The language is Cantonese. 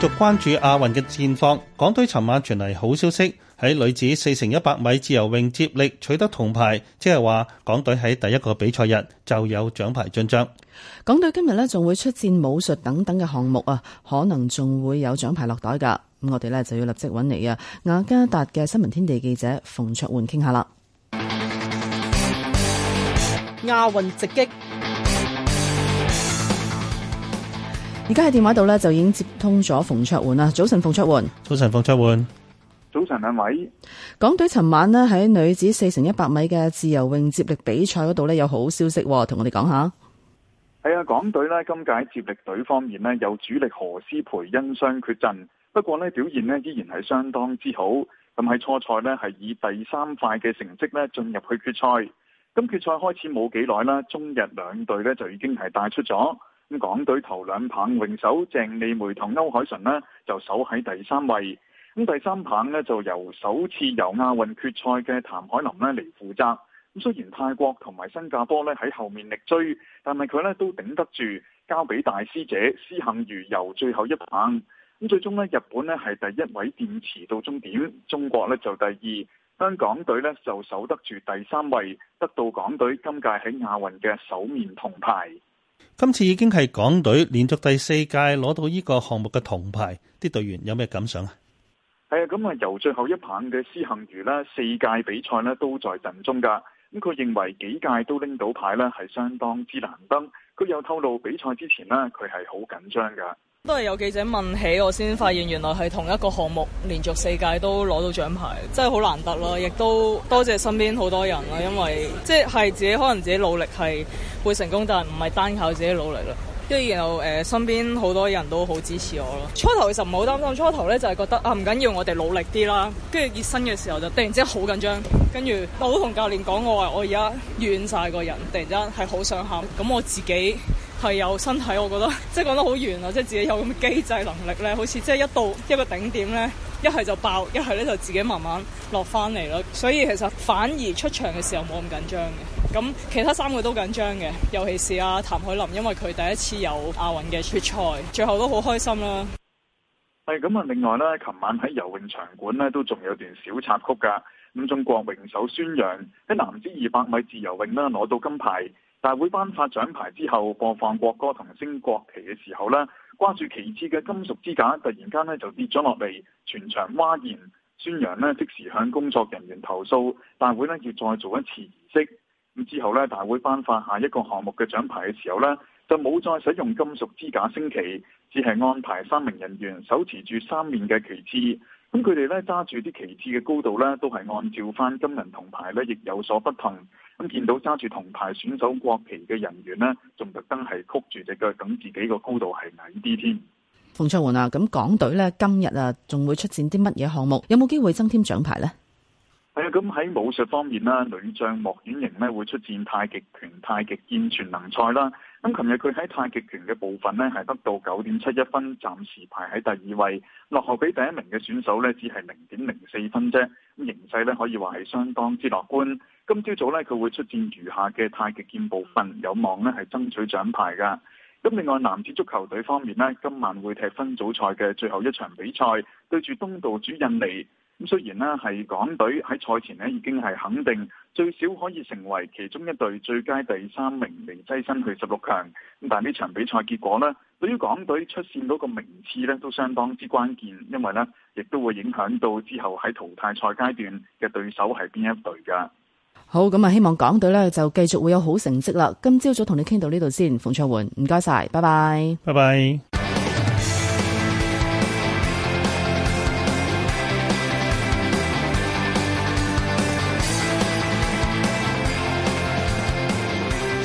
繼續關注亞運嘅戰況，港隊尋晚傳嚟好消息，喺女子四乘一百米自由泳接力取得銅牌，即係話港隊喺第一個比賽日就有獎牌進賬。港隊今日呢仲會出戰武術等等嘅項目啊，可能仲會有獎牌落袋噶。咁我哋呢就要立即搵嚟啊，雅加達嘅新聞天地記者馮卓垣傾下啦。亞運直擊。而家喺電話度咧，就已經接通咗馮卓垣啦。早晨，馮卓垣。早晨，馮卓垣。早晨，兩位。港隊尋晚呢，喺女子四乘一百米嘅自由泳接力比賽嗰度呢，有好消息，同我哋講下。係啊，港隊呢，今屆接力隊方面呢，有主力何詩蓓因傷缺陣，不過呢，表現呢依然係相當之好。咁喺初賽呢，係以第三塊嘅成績呢進入去決賽。咁決賽開始冇幾耐啦，中日兩隊呢，就已經係帶出咗。港隊頭兩棒泳手鄭莉梅同歐鎧淳咧就守喺第三位，咁第三棒咧就由首次游亞運決賽嘅譚凱琳咧嚟負責。咁雖然泰國同埋新加坡咧喺後面力追，但係佢咧都頂得住，交俾大師姐施幸余游最後一棒。咁最終咧，日本咧係第一位墊池到終點，中國咧就第二，香港隊咧就守得住第三位，得到港隊今屆喺亞運嘅首面銅牌。今次已經係港隊連續第四屆攞到呢個項目嘅銅牌，啲隊員有咩感想啊？係啊，咁啊由最後一棒嘅施幸余呢，四屆比賽呢都在陣中噶。咁佢認為幾屆都拎到牌呢係相當之難得。佢有透露比賽之前呢，佢係好緊張噶。都係有記者問起，我先發現原來係同一個項目連續四屆都攞到獎牌，真係好難得咯！亦都多謝身邊好多人啦，因為即係自己可能自己努力係會成功，但係唔係單靠自己努力咯。跟住然後誒、呃，身邊好多人都好支持我咯。初頭其實唔好擔心，初頭呢就係覺得啊，唔緊要，我哋努力啲啦。跟住熱身嘅時候就突然之間好緊張，跟住我好同教練講，我話我而家軟晒個人，突然間係好想喊。咁我自己。係有身體，我覺得即係講得好圓啊！即係自己有咁嘅機制能力咧，好似即係一到一個頂點咧，一係就爆，一係咧就自己慢慢落翻嚟咯。所以其實反而出場嘅時候冇咁緊張嘅。咁其他三個都緊張嘅，尤其是阿、啊、譚凱琳，因為佢第一次有亞運嘅出賽，最後都好開心啦。係咁啊！另外咧，琴晚喺游泳場館咧，都仲有段小插曲噶。咁、嗯、中國泳手孫楊喺男子二百米自由泳咧攞到金牌。大會頒發獎牌之後，播放國歌同升國旗嘅時候呢，掛住旗幟嘅金屬支架突然間呢就跌咗落嚟，全場嘩然，孫楊呢，即時向工作人員投訴，大會呢要再做一次儀式。咁之後呢，大會頒發下一個項目嘅獎牌嘅時候呢就冇再使用金屬支架升旗，只係安排三名人員手持住三面嘅旗幟，咁佢哋呢揸住啲旗幟嘅高度呢，都係按照翻金銀銅牌呢亦有所不同。咁見到揸住銅牌選手國旗嘅人員呢，仲特登係曲住隻腳，等自己個高度係矮啲添。馮卓垣啊，咁港隊呢，今日啊，仲會出戰啲乜嘢項目？有冇機會增添獎牌呢？係啊，咁喺武術方面將啦，女將莫婉瑩呢會出戰太極拳、太極劍全能賽啦。咁琴日佢喺太極拳嘅部分呢，係得到九點七一分，暫時排喺第二位，落後俾第一名嘅選手呢，只係零點零四分啫。咁形勢呢，可以話係相當之樂觀。今朝早呢，佢會出戰餘下嘅太極劍部分，有望呢係爭取獎牌噶。咁另外男子足球隊方面呢，今晚會踢分組賽嘅最後一場比賽，對住東道主印尼。咁雖然咧，係港隊喺賽前咧已經係肯定最少可以成為其中一隊最佳第三名，嚟躋身去十六強。咁但係呢場比賽結果咧，對於港隊出線嗰個名次咧都相當之關鍵，因為呢亦都會影響到之後喺淘汰賽階段嘅對手係邊一隊噶。好，咁、嗯、啊，希望港隊呢就繼續會有好成績啦。今朝早同你傾到呢度先，馮卓垣，唔該晒，拜拜，拜拜。